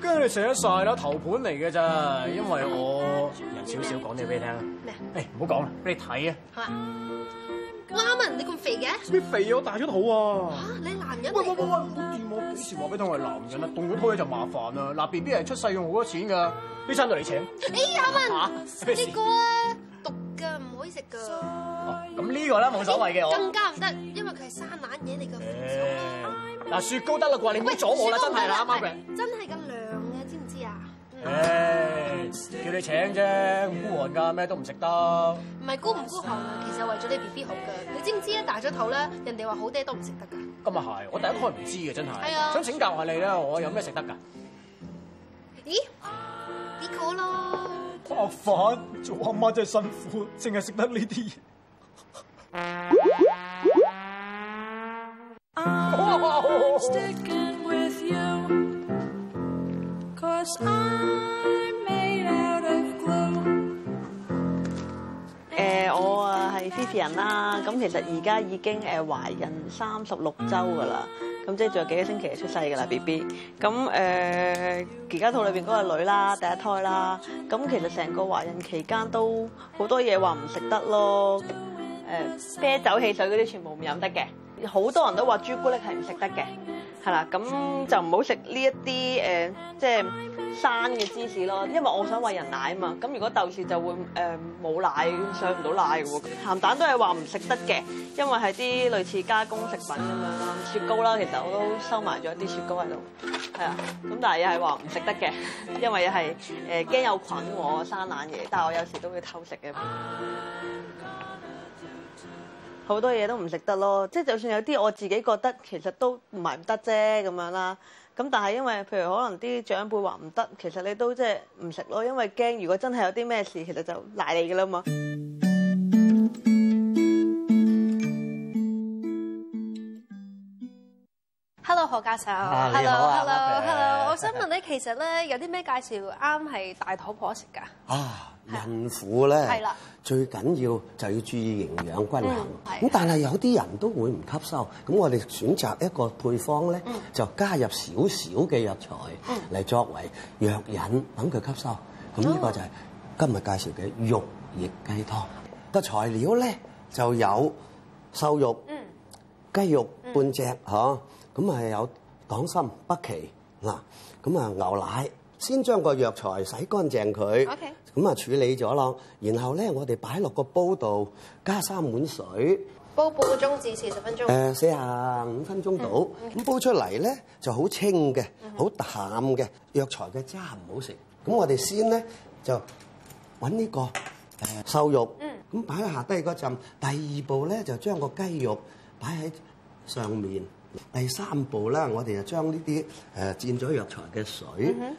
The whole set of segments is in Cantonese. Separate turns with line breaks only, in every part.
跟住食咗晒啦，頭盤嚟嘅咋？因為我人少少講啲俾你聽啊。咩啊？誒唔好講啦，俾你睇啊。好啊。阿文，你
咁肥
嘅？你肥啊？我大咗肚了啊。嚇，你男
人嚟？喂喂喂我叫我幾
時話俾同我係男人啊，動嗰胎嘢就麻煩啦。嗱，B B 係出世用好多錢㗎，生到你請。哎、欸、呀，阿文，呢、啊呢個毒㗎，唔可以食㗎。咁、啊、呢個咧冇所謂嘅
更
加唔得、嗯，因為佢係生冷嘢嚟嘅。雪糕得啦啩，你唔好阻我啦，真係啦，阿媽，
真係咁涼嘅，知唔知啊
？Hey, 叫你請啫、yeah.，孤寒噶，咩都唔食得。唔
係孤唔孤寒啊，其實係為咗你 B B 好噶。你知唔知啊？大咗肚咧，人哋話好嗲都唔食得
噶。咁啊係，我第一開唔知嘅，真係。係啊，想請教下你啦，我有咩食得噶？咦？呢、這個咯。白飯做阿媽真係辛苦，淨係食得呢啲。
I'm sticking with you, cause I'm made out of glue. 誒，我啊係 Vivian 啦，咁其實而家已經誒懷孕三十六周噶啦，咁即係仲有幾個星期就出世噶啦 B B，咁誒而家肚裏邊嗰個女啦，第一胎啦，咁其實成個懷孕期間都好多嘢話唔食得咯，誒啤酒、汽水嗰啲全部唔飲得嘅。好多人都話朱古力係唔食得嘅，係啦，咁就唔好食呢一啲誒，即係生嘅芝士咯。因為我想餵人奶啊嘛，咁如果豆豉就會誒冇、呃、奶上唔到奶嘅喎。鹹蛋都係話唔食得嘅，因為係啲類似加工食品咁樣啦。雪糕啦，其實我都收埋咗啲雪糕喺度，係啊，咁但係又係話唔食得嘅，因為又係誒驚有菌喎，我生冷嘢。但係我有時都會偷食嘅。好多嘢都唔食得咯，即係就算有啲我自己覺得其實都唔係唔得啫咁樣啦。咁但係因為譬如可能啲長輩話唔得，其實你都即係唔食咯，因為驚如果真係有啲咩事，其實就賴你噶啦嘛。Hello 何
教授，Hello，Hello，Hello，我想問你其實咧有啲咩介紹啱係大肚婆食㗎？啊！
孕婦咧，最緊要就要注意營養均衡。咁、嗯、但係有啲人都會唔吸收，咁我哋選擇一個配方咧、嗯，就加入少少嘅藥材嚟、嗯、作為藥引，等、嗯、佢吸收。咁呢個就係今日介紹嘅肉液雞湯。個材料咧就有瘦肉、雞、嗯、肉半隻，嚇、嗯、咁啊有黨蔘北芪嗱，咁啊牛奶。先將個藥材洗乾淨佢，咁、okay。啊處理咗咯。然後咧，我哋擺落個煲度加三碗水，
煲半個鐘至四
十分鐘。誒、呃，四十五分鐘到咁煲出嚟咧，就清、嗯、好清嘅，好淡嘅藥材嘅渣唔好食。咁我哋先咧就搵呢、這個、呃、瘦肉，咁擺喺下低嗰陣。第二步咧就將個雞肉擺喺上面。第三步啦，我哋就將呢啲誒煎咗藥材嘅水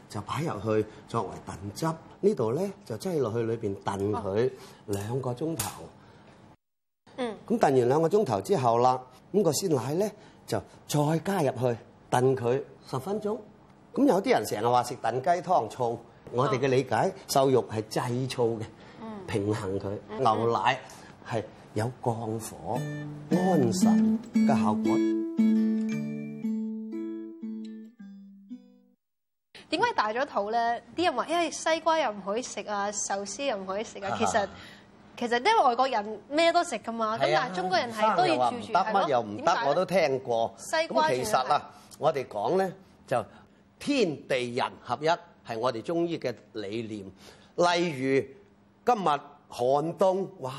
就擺入去作為燉汁，呢度咧就擠落去裏邊燉佢兩個鐘頭。嗯，咁燉完兩個鐘頭之後啦，咁個鮮奶咧就再加入去燉佢十分鐘。咁有啲人成日話食燉雞湯燥，我哋嘅理解瘦肉係制燥嘅，平衡佢牛奶係。有降火、安神嘅效果。
點解大咗肚咧？啲人話，因為西瓜又唔可以食啊，壽司又唔可以食啊。其實其實，因為外國人咩都食噶嘛，咁、啊、但係中國人係都要注住。生又唔得，乜又唔得，我都
聽過。西瓜其實啊，我哋講咧就天地人合一係我哋中醫嘅理念。例如今日寒冬，哇！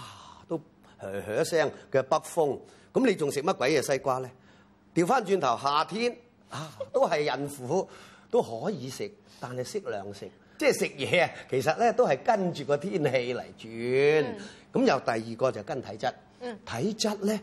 呵呵聲嘅北風，咁你仲食乜鬼嘢西瓜咧？調翻轉頭夏天啊，都係孕婦都可以食，但係適量食。即係食嘢啊，其實咧都係跟住個天氣嚟轉。咁又第二個就係跟體質。嗯。體質咧，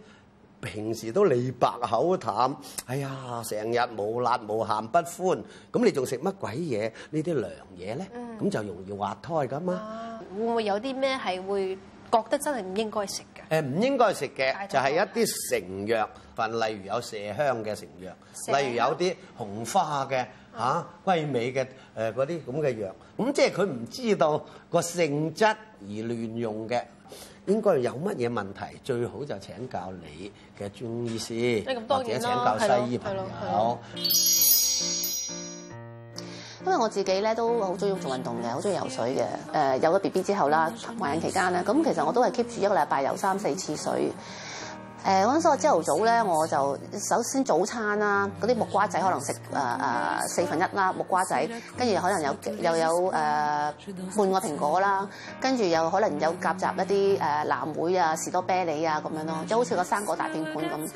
平時都膚白口淡，哎呀，成日無辣無鹹不歡，咁你仲食乜鬼嘢？呢啲涼嘢咧，咁就容易滑胎噶嘛。
會唔會有啲咩係會？覺得真係唔應該食
嘅，誒唔應該食嘅就係一啲成藥，例如有麝香嘅成藥，例如有啲紅花嘅，嚇龜尾嘅誒嗰啲咁嘅藥，咁、嗯、即係佢唔知道個性質而亂用嘅，應該有乜嘢問題，最好就請教你嘅中醫師，或者請教西醫朋友。
因為我自己咧都好中意做運動嘅，好中意游水嘅。誒有咗 B B 之後啦，懷孕期間咧，咁其實我都係 keep 住一個禮拜游三四次水。誒、呃，我諗，我朝頭早咧，我就首先早餐啦，嗰啲木瓜仔可能食誒、呃、四分一啦，木瓜仔，跟住可能有又有誒、呃、半個蘋果啦，跟住又可能有夾雜一啲誒藍莓啊、士多啤梨啊咁樣咯，即係好似個生果大拼盤咁。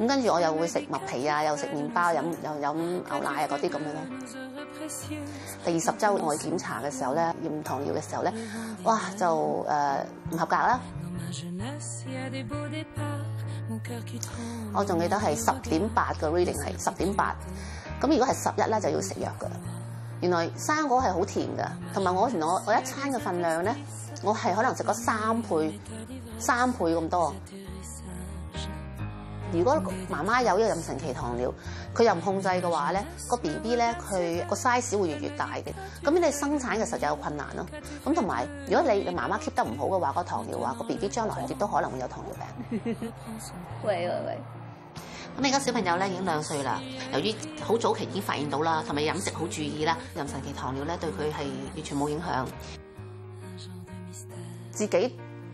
咁跟住我又會食麥皮啊，又食麵包，又飲牛奶啊嗰啲咁樣
咯。第二十週我去檢查嘅時
候咧，驗糖尿嘅時候咧，哇，就誒唔、呃、合格啦。
我仲記得係十點八
個 reading 係十點八，咁如果係十一咧就要食藥噶啦。原來生果係好甜噶，同埋我原來我我一餐嘅份量咧，我係可能食咗三倍三倍咁多。如果媽媽有一個妊娠期糖尿。佢又唔控制嘅話咧，個 B B 咧佢個 size 會越來越大嘅，咁你生產嘅時候就有困難咯。咁同埋如果你嘅媽媽 keep 得唔好嘅話，個糖尿病，個 B B 將來亦都可能會有糖尿病。喂 喂喂，咁你而家小朋友咧已經兩歲啦，由於好早期已經發現到啦，同埋飲食好注意啦，妊娠期糖尿病咧對佢係完全冇影響，自己。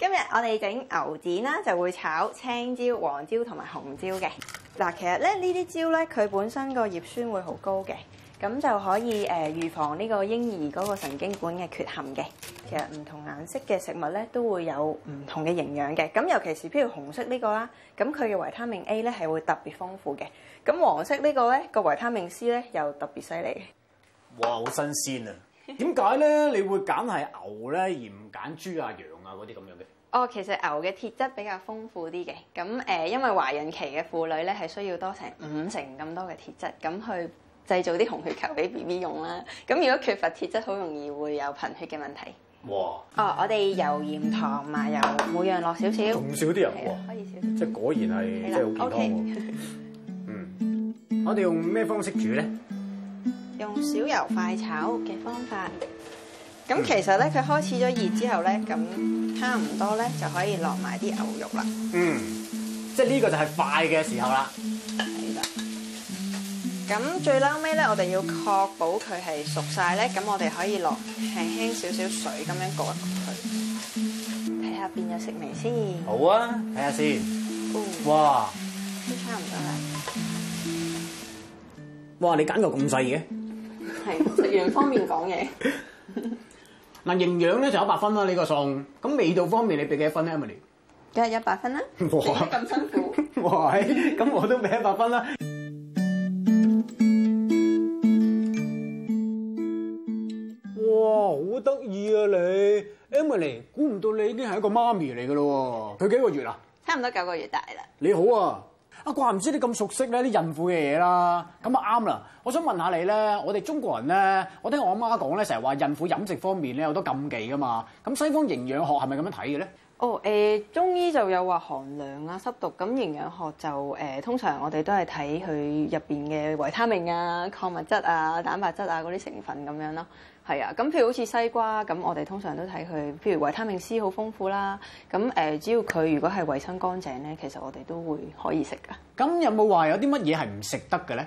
今日我哋整
牛展啦，就會炒青椒、黃椒同埋紅椒嘅。嗱，其實咧呢啲椒咧，佢本身個葉酸會好高嘅，咁就可以誒預防呢個嬰兒嗰個神經管嘅缺陷嘅。其實唔同顏色嘅食物咧都會有唔同嘅營養嘅。咁尤其是譬如紅色呢個啦，咁佢嘅維他命 A 咧係會特別豐富嘅。咁黃色呢個咧個維他命 C 咧又特別犀利。
哇，好新鮮啊！點解咧你會揀係牛咧而唔揀豬啊羊？啊！
啲咁樣嘅哦，其實牛嘅鐵質比較豐富啲嘅。咁誒、呃，因為懷孕期嘅婦女咧，係需要多成五成咁多嘅鐵質，咁去製造啲紅血球俾 B B 用啦。咁如果缺乏鐵質，好容易會有貧血嘅問題。哇！哦，我哋有鹽糖嘛，麻油，每樣落少少，啊，咁
少啲油可以少即係果然係即係好健康喎。嗯，我哋用咩方式煮咧？
用少油快炒嘅方法。咁其實咧，佢開始咗熱之後咧，咁差唔多咧，就可以落埋啲牛肉啦。
嗯，即係呢個就係快嘅時候啦。係、嗯、啦。
咁最撈尾咧，我哋要確保佢係熟晒咧，咁我哋可以落
輕輕少少水咁樣焗一焗佢，睇
下邊個食味先。
好啊，睇下先、嗯。哇！都差唔多啦。哇，你揀嚿咁細嘅？
係食完方便講嘢。
嗱，營養咧就一百分啦，你個餸。咁味道方面你俾幾分咧，Emily？梗
係一百分啦。
哇，咁辛苦。哇，咁我都俾一百分啦。哇，好得意啊你，Emily！估唔到你已經係一個媽咪嚟噶咯喎。佢幾個月啊？
差唔多九個月大啦。
你好啊。啊，怪唔知你咁熟悉咧啲孕婦嘅嘢啦，咁啊啱啦。我想問下你咧，我哋中國人咧，我聽我阿媽講咧，成日話孕婦飲食方面咧有好多禁忌噶嘛。咁西方營養學係咪咁樣睇嘅咧？哦，誒、呃，中
醫就有話寒涼啊、濕毒，咁營養學就誒、呃，通常我哋都係睇佢入邊嘅維他命啊、礦物質啊、蛋白質啊嗰啲成分咁樣咯。係啊，咁譬如好似西瓜，咁我哋通常都睇佢，譬如維他命 C 好豐富啦。咁誒，只要佢如果係衞生乾淨咧，其實我哋都會可以食噶。咁有冇話有啲乜嘢係唔食得嘅咧？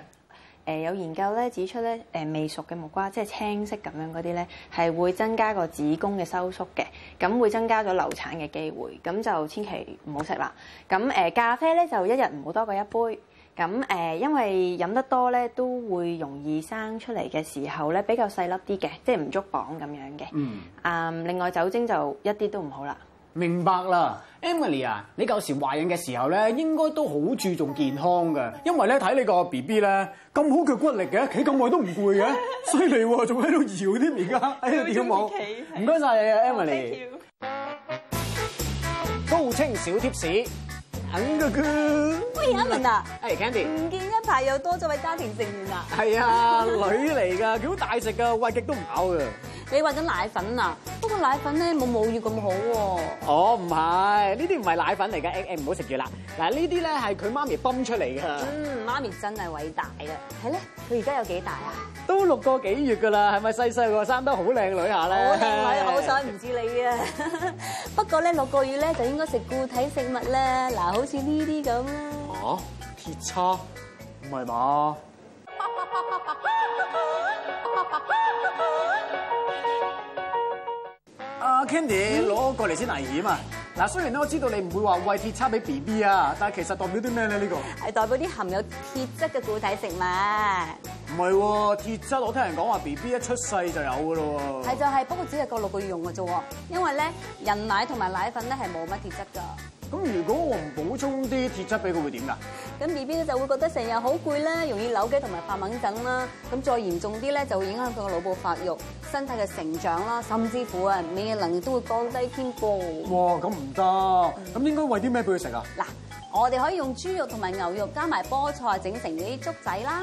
誒有研究咧指出咧，誒未熟嘅木瓜即係青色咁樣嗰啲咧，係會增加個子宮嘅收縮嘅，咁會增加咗流產嘅機會，咁就千祈唔好食啦。咁誒咖啡咧就一日唔好多過一杯。咁誒，因為飲得多咧，都會容易生出嚟嘅時候咧，比較細粒啲嘅，即係唔足磅咁樣嘅。嗯。啊，另外酒精就一啲都唔好啦。明白啦
，Emily 啊，你舊時懷孕嘅時候咧，應該都好注重健康嘅，因為咧睇你個 BB 咧咁好腳骨力嘅，企咁耐都唔攰嘅，犀利喎，仲喺度搖添而家，哎呀點解冇？
唔該曬你啊，Emily。
高清小貼士。等個佢，喂阿文啊，Hey Candy，唔見一排又
多咗位家庭成員啊。係
啊，女嚟㗎，幾大食㗎，喂極都唔飽嘅。
你話緊奶粉啊？不過奶粉咧冇母乳咁好喎。
哦，唔係，呢啲唔係奶粉嚟嘅，誒誒唔好食住啦。嗱，呢啲咧係佢媽咪泵出嚟嘅。
嗯，媽咪真係偉大嘅。係咧，佢而家有幾大啊？
都六個幾月㗎啦，係咪細細個？生得好靚女下啦，好彩
唔似你啊。不過咧，六個月咧就應該食固體食物啦。嗱，好似呢啲咁
啦。哦，鐵叉唔係嘛？Candy，攞過嚟先危險啊！嗱，雖然咧我知道你唔會話餵鐵叉俾 B B 啊，但係其實代表啲咩咧？呢個係代表啲含有鐵質嘅固
體食物。
唔係喎，鐵質我聽人講話 B B 一出世就有㗎咯喎。係
就係，不過只係過六個月用嘅啫喎，因為咧人奶同埋奶粉咧係冇乜鐵質㗎。
咁如果我唔補充啲鐵質俾佢會點啊？
咁 B B 咧就會覺得成日好攰啦，容易扭計同埋發矇憎啦。咁再嚴重啲咧就會影響佢個腦部發育、身體嘅成長啦，甚至乎啊免疫力都會降低添噃。
哇！咁唔得，咁、嗯、應該喂啲咩俾佢食啊？嗱，
我哋可以用豬肉同埋牛肉加埋菠菜整成啲粥仔啦。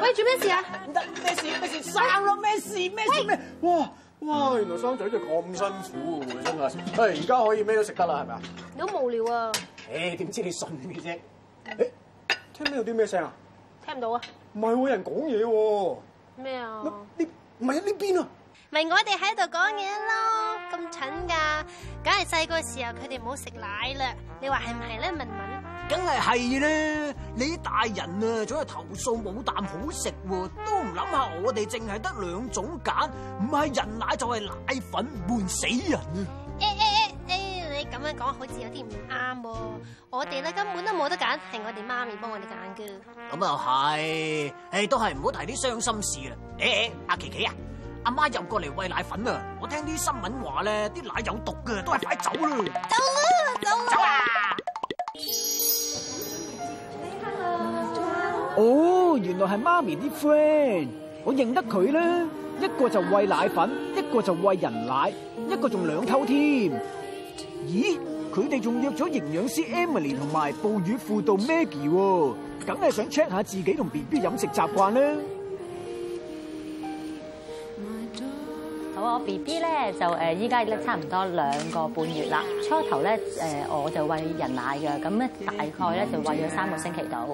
喂，做咩事啊？唔得咩事咩事生咯咩事咩事咩？哇哇，原來生仔就咁辛苦，真係、啊哎。哎，而、啊、家可以咩都食得啦，係咪啊什麼？你好無聊啊！誒，點知你信嘅啫？誒，聽唔到啲咩聲啊？聽唔到啊？
唔係
喎，有人講嘢喎。咩啊？呢唔係呢邊啊？
咪我哋喺度講嘢咯，咁蠢噶？梗係細個時候佢哋唔好食奶啦，你話係唔係咧？文文。
梗係係啦，你大人啊，總係投訴冇啖好食，都唔諗下我哋淨係得兩種揀，唔係人奶就係奶粉，悶死人！
誒誒誒誒，你咁樣講好似有啲唔啱，我哋咧根本都冇得揀，係我哋媽咪幫我哋揀嘅。
咁又係，誒都係唔好提啲傷心事、哎、奇奇啊。誒，阿琪琪啊，阿媽入過嚟餵奶粉啊，我聽啲新聞話咧啲奶有毒噶，都係快走啦，走啦！走啦，走啦，走啊！哦，原來係媽咪啲 friend，我認得佢啦。一個就餵奶粉，一個就餵人奶，一個仲兩溝添。咦，佢哋仲約咗營養師 Emily 同埋哺乳輔導 Maggie 喎，梗係想 check 下自己同 BB 飲食習慣啦。
個 B B 咧就誒，依家咧差唔多兩個半月啦。初頭咧誒，我就餵人奶嘅，咁咧大概咧就餵咗三個星期到。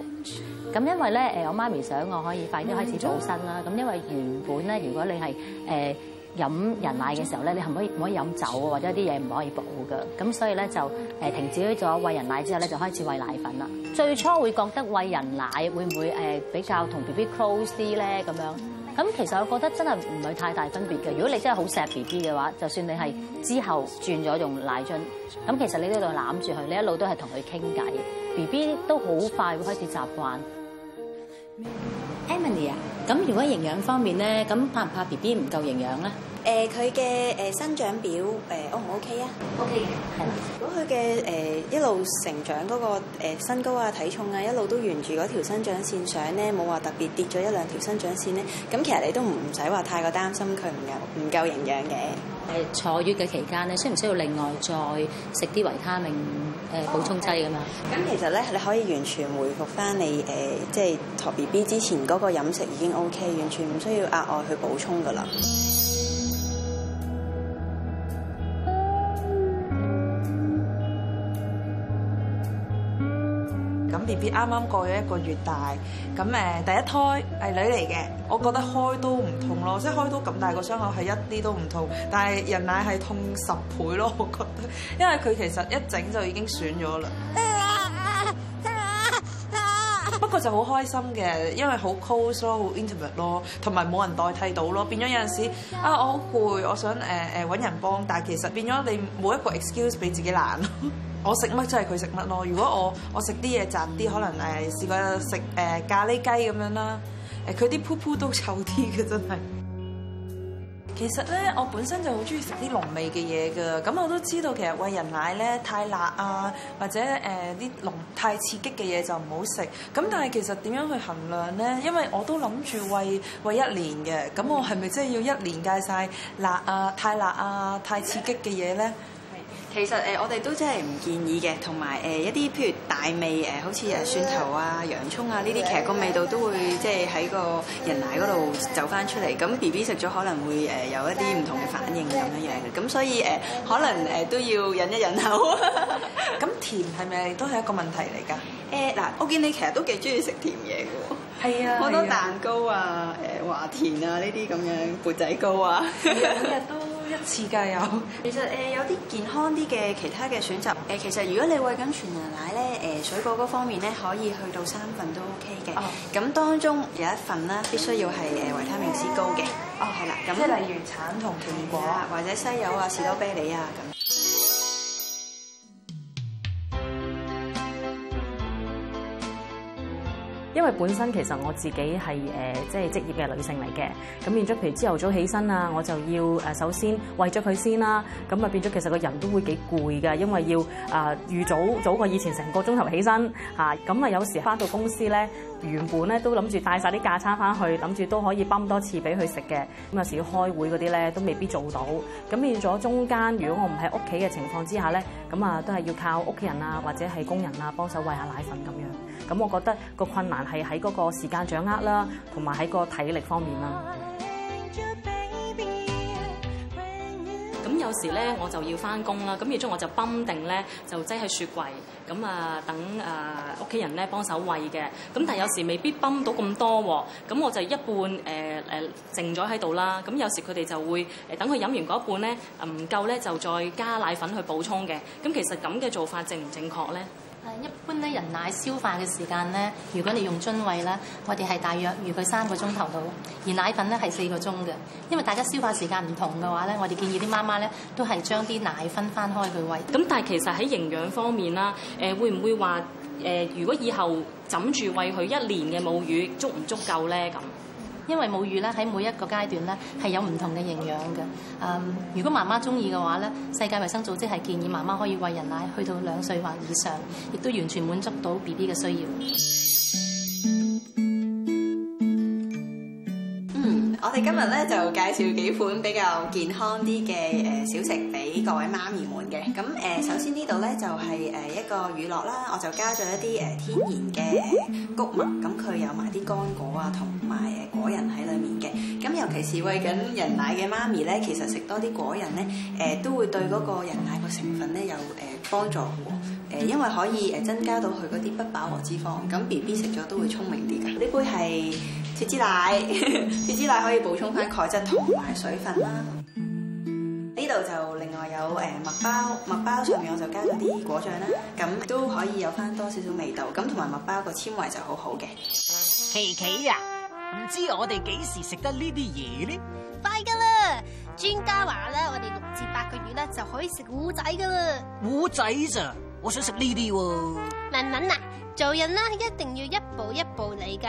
咁因為咧誒，我媽咪想我可以快啲開始補身啦。咁因為原本咧，如果你係誒飲人奶嘅時候咧，你唔可以唔可以飲酒或者啲嘢唔可以補㗎。咁所以咧就誒停止咗餵人奶之後咧，就開始餵奶粉啦。最初會覺得餵人奶會唔會誒比較同 B B close 啲咧咁樣？咁其實我覺得真係唔係太大分別嘅。如果你真係好錫 B B 嘅話，就算你係之後轉咗用奶樽，咁其實你都度攬住佢，你一路都係同佢傾偈，B B 都好快會開始習慣。Emily 啊，咁如果營養方面咧，咁怕唔怕 B B 唔夠營養咧？
誒佢嘅誒生長表誒 O 唔 O K 啊？O K 嘅，係、okay. 嗯。如果佢嘅誒一路成長嗰、那個、呃、身高啊、體重啊，一路都沿住嗰條生長線上咧，冇話特別跌咗一兩條生長線咧，咁其實你都唔使話太過擔心佢唔夠唔夠營養嘅。
誒、呃、坐月嘅期間咧，需唔需要另外再食啲維他命誒、呃 oh, 補充
劑㗎嘛？咁、嗯、其實咧，你可以完全回復翻你誒、呃，即係託 B B 之前嗰個飲食已經 O、okay, K，完全唔需要額外去補充㗎啦。
啱啱過咗一個月大，咁誒第一胎係女嚟嘅，我覺得開刀唔痛咯，即係開刀咁大個傷口係一啲都唔痛，但係人奶係痛十倍咯，我覺得，因為佢其實一整就已經損咗啦。不過就好開心嘅，因為好 close 咯，好 intimate 咯，同埋冇人代替到咯，變咗有陣時啊，我好攰，我想誒誒揾人幫，但係其實變咗你冇一個 excuse 俾自己懶。我食乜即係佢食乜咯。如果我我食啲嘢雜啲，可能誒試過食誒咖喱雞咁樣啦。誒佢啲噗噗都臭啲嘅，真係。其實咧，我本身就好中意食啲濃味嘅嘢㗎。咁我都知道，其實餵人奶咧太辣啊，或者誒啲濃太刺激嘅嘢就唔好食。咁但係其實點樣去衡量咧？因為我都諗住餵餵一年嘅。咁我係咪真係要一年戒曬辣啊、太辣啊、太刺激嘅嘢咧？其實誒，我哋都真係唔建議嘅，同埋
誒一啲譬如大味誒，好似誒蒜頭啊、洋葱啊呢啲，其實個味道都會即係喺個人奶嗰度走翻出嚟。咁 B B 食咗可能會誒有一啲唔同嘅反應咁樣樣嘅。咁所以誒，可能誒都要忍一忍口。咁 甜係
咪都係一個問題嚟㗎？誒嗱，我見你其實都幾中意食甜嘢㗎喎。
係啊，好多蛋糕啊、誒、啊、華田啊呢啲咁樣缽仔糕啊，每日、啊、都。一次嘅有，其實誒、呃、有啲健康啲嘅其他嘅選擇誒、呃，其實如果你餵緊全牛奶咧，誒、呃、水果嗰方面咧可以去到三份都 OK 嘅。哦。咁當中有一份啦，必須要係誒維他命 C 高嘅。哦、yeah. oh.，係啦。咁即係例如橙同蘋果，yeah. 或者西柚啊、士多啤梨啊咁。
因為本身其實我自己係誒、呃、即係職業嘅女性嚟嘅，咁變咗譬如朝頭早起身啊，我就要誒首先餵咗佢先啦、啊，咁啊變咗其實個人都會幾攰㗎，因為要啊、呃、預早早過以前成個鐘頭起身吓，咁啊有時返到公司咧，原本咧都諗住帶晒啲架撐返去，諗住都可以泵多次俾佢食嘅，咁有時要開會啲咧都未必做到，咁變咗中間如果我唔喺屋企嘅情況之下咧，咁啊都係要靠屋企人啊或者係工人啊幫手餵下奶粉咁樣，咁我覺得個困難。係喺嗰個時間掌握啦，同埋喺個體力方面啦。咁有時咧我就要翻工啦，咁然中，我就泵定咧就擠喺雪櫃，咁啊等、呃、屋企人咧幫手餵嘅。咁但有時未必泵到咁多喎，咁我就一半誒剩咗喺度啦。咁、呃呃、有時佢哋就會、呃、等佢飲完嗰一半咧唔夠咧就再加奶粉去補充嘅。咁其實咁嘅做法正唔正確咧？
誒一般咧，人奶消化嘅時間咧，如果你用樽餵啦，我哋係大約預佢三個鐘頭到，而奶粉咧係四個鐘嘅。因為大家消化時間唔同嘅話咧，我哋建
議啲媽媽咧都係將啲奶分翻開佢餵。咁但係其實喺營養方面啦，誒會唔會話誒如果以後枕住餵佢一年嘅母乳足唔足夠咧咁？
因為母乳咧喺每一個階段咧係有唔同嘅營養嘅，誒，如果媽媽鍾意嘅話咧，世界衞生組織係建議媽媽可以喂人奶去到兩歲或以上，
亦都完全滿足到 BB 嘅需要。我哋今日咧就介紹幾款比較健康啲嘅誒小食俾各位媽咪們嘅。咁誒，首先呢度咧就係誒一個乳酪啦，我就加咗一啲誒天然嘅穀物，咁佢有埋啲乾果啊，同埋果仁喺裡面嘅。咁尤其是餵緊人奶嘅媽咪咧，其實食多啲果仁咧誒，都會對嗰個人奶個成分咧有誒幫助嘅喎。因為可以誒增加到佢嗰啲不飽和脂肪，咁 B B 食咗都會聰明啲㗎。呢杯係。脫脂奶，脫脂奶可以補充翻鈣質同埋水分啦。呢度就另外有誒麥包，麥包上面我就加咗啲果醬啦，咁都可以有翻多少少味道。咁同埋麥包個纖維就很好好嘅。
琪琪啊，
唔知我哋幾時食得呢啲嘢咧？
快噶啦，專家話咧，我哋六至八個月咧就可以食糊仔噶啦。
糊仔咋？我想食呢啲喎。
文文啊，做人啦，啊，一定要一步一步嚟噶。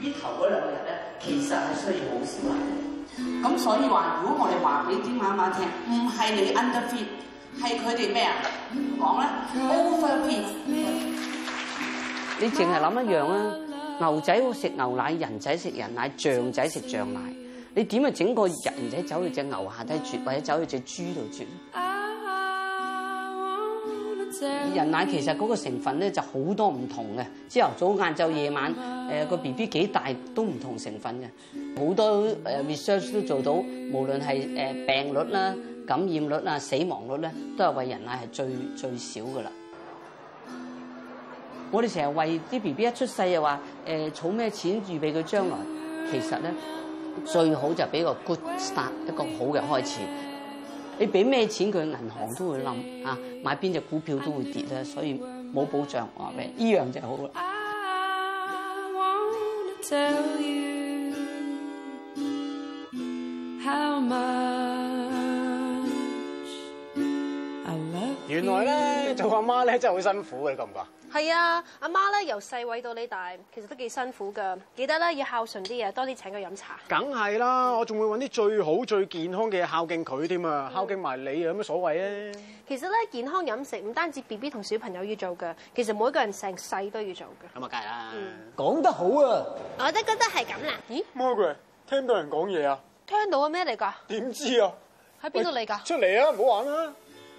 呢頭嗰兩日咧，其實係需要好少奶。咁、嗯、所以話，如果我哋話俾啲媽媽聽，唔係你 underfit，係佢哋咩啊？講咧 overfit 你淨係諗一樣啊！牛仔會食牛奶，人仔食人奶，象仔食象奶。你點啊？整個人仔走去隻牛下低啜，或者走去隻豬度啜？
人奶其實嗰個成
分咧就好多唔同嘅，朝頭早、晏晝、夜晚，個 B B 幾大都唔同成分嘅，好多誒、呃、research 都做到，無論係、呃、病率啦、感染率啦、死亡率咧，都係為人奶係最最少嘅啦。我哋成日為啲 B B 一出世又話誒、呃、儲咩錢預備佢將來，其實咧最好就俾個 good start 一個好嘅開始。你俾咩錢佢銀行都會冧啊，買邊隻股票都會跌啦，所以冇保障。我話俾你，依樣就好啦。I
wanna tell you how much
原來咧做阿媽咧真係好辛苦嘅，你覺唔覺啊？
係啊，阿媽咧由細餵到你大，其實都幾辛苦噶。記得咧要孝順啲嘢，多啲請佢飲茶。
梗係啦，我仲會搵啲最好最健康嘅孝敬佢添啊，孝敬埋你有咩所謂啊？嗯、
其實咧健康飲食唔單止 B B 同小朋友要做噶，其實每一個人成世都要做噶。
咁啊，計啦，講得好啊！我都覺得係咁啦。咦？Margaret 乜鬼？聽到人講嘢啊？
聽到啊？咩嚟噶？
點知啊？
喺邊度嚟噶？出
嚟啊！唔好玩啊！